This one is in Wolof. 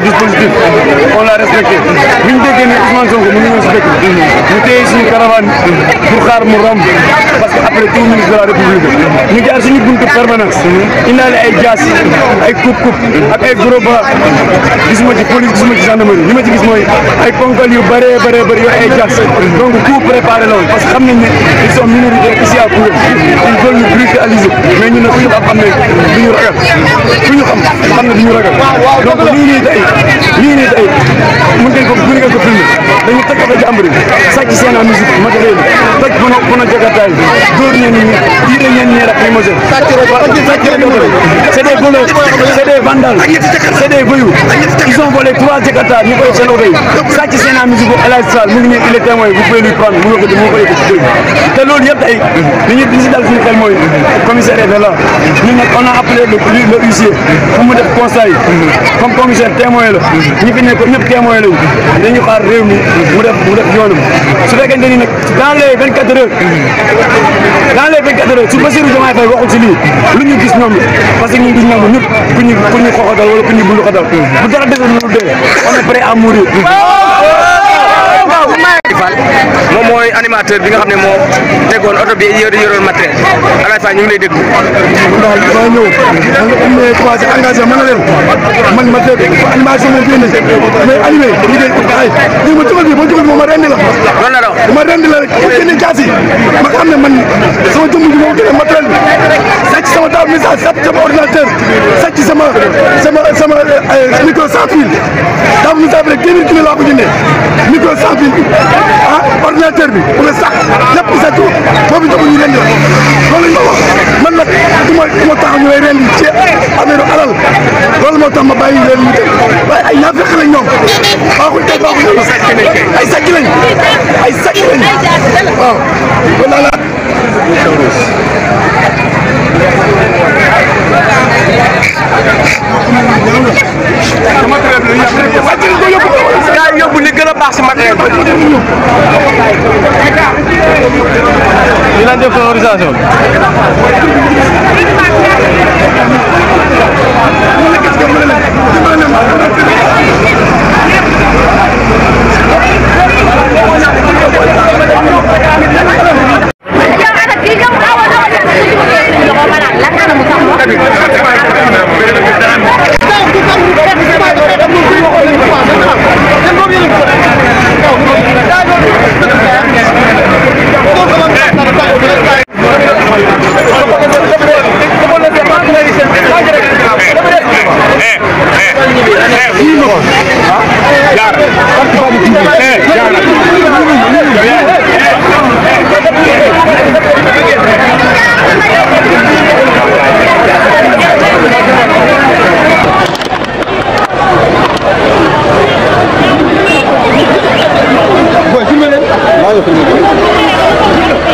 dispositif on l'a respecté bi ñu déggee ne Ousmane Sonko mu ngi ñëw si dëkk bi ñu téye suñu caravane pour xaar mu romb parce que après tout ministre de la république ñu jaar suñu buntu permanence indaale ay jaas ay coupe coupe ak ay gros bras gisuma ci police gisuma ci gendarmerie li ma ci gis mooy ay ponkal yu bëree bëree bëri yooyu ay jaas donc tout préparé la woon parce que xam nañ ne ils sont minoritaires ici à Koungheul ils veulent nous brutaliser mais ñu ne ku ñu xam xam ne du ñu ragal ku ñu xam xam ne du ñu ragal donc lii nii tey lii nii tey mën ngeen ko mën ngeen ko filmé dañu tëkkatoo ci am sàcc seen musique matériel toj pono pono jakartaay bi dóor ñenn ñi tiire ñenn ñi lacrymogène c'est des voleurs c'est des vandales c'est des voyous ils ont volé trois jakarta ñu koy seen oto yi sàcc seen musique bu El Hadj Sall mu ngi nii il est témoin vous pouvez lui prendre mu yëkkati mu ko yëkkati dégg te loolu yëpp ay li ñu li si dal suñu xel mooy commissaire était là ñun nag on a appelé le le huissier pour mu def constat yi comme commissaire témoin la ñi fi nekk ñëpp témoin lañu dañu xaar réew mi mu def mu def yoonam su fekkente ni nag dans les vingt quatre heures dans les vingt quatre heures lii lu ñu gis ñoom la parce que ñu gis ñoom ñëpp ku ñu ku ñu xoxatal wala ku ñu bunduxatal bu dara defee lu dee on est prêt Alaji Fall moom mooy animateur bi nga xam ne moo tegoon oto bi yore yoroon matériel Alaji Fall ñu ngi lay déglu. waaw damaa ñëw man ma ne leen man ma dégg animation moom génn mais animé ñu dégg ay lii ma dugal bi ma dugal bi ma rendi ma rendi la rek ma génne xam ne man sama jëmm ji moo génne matériel bi sàcc sama table message sàcc sama ordinateur sàcc sama sama sama micro cent mille table message bi rek 10 000 laa ko jëndee. wala cent mille bi ah ordinateur bi wala sax lépp sa tur boobu ñu ñu rendi loolu ñu wax man nag du ma du ma tax ñu lay rendi ci affaire alal loolu moo tax ma bàyyi leen ñu dem waaye ay naafeq lañ ñoom baaxul tey baaxul ay sàcc lañ ay sàcc lañ waaw kon naa la Sama baax si matériel bi. ñu lan ¡Vamos!